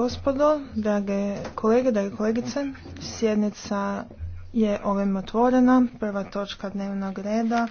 Gospodo, drage kolege, drage kolegice, sjednica je ovim otvorena. Prva točka dnevnog reda